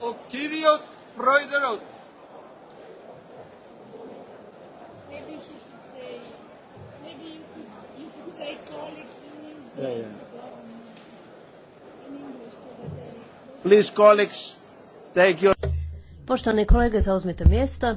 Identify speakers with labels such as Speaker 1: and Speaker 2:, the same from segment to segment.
Speaker 1: ο κύριος πρόεδρος.
Speaker 2: Please colleagues, take your...
Speaker 3: Poštovani kolege, zauzmite
Speaker 4: mjesta.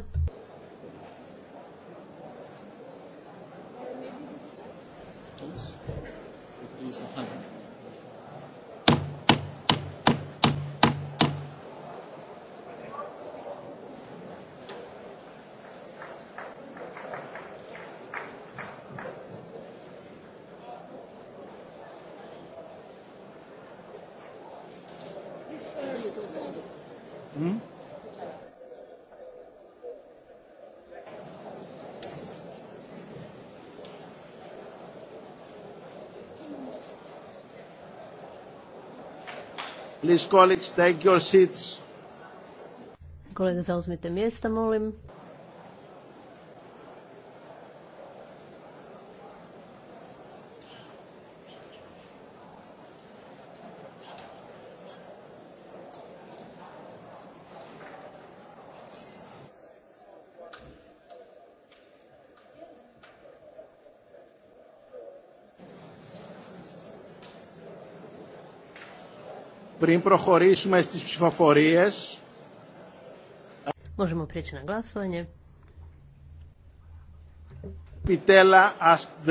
Speaker 5: Hm?
Speaker 2: Please colleagues take your seats.
Speaker 4: Kolege zauzmite mjesta molim.
Speaker 6: Prim prohorήσουμε στις ψηφοφορίες. Možemo prijeći na
Speaker 3: glasovanje.
Speaker 6: Pitela asked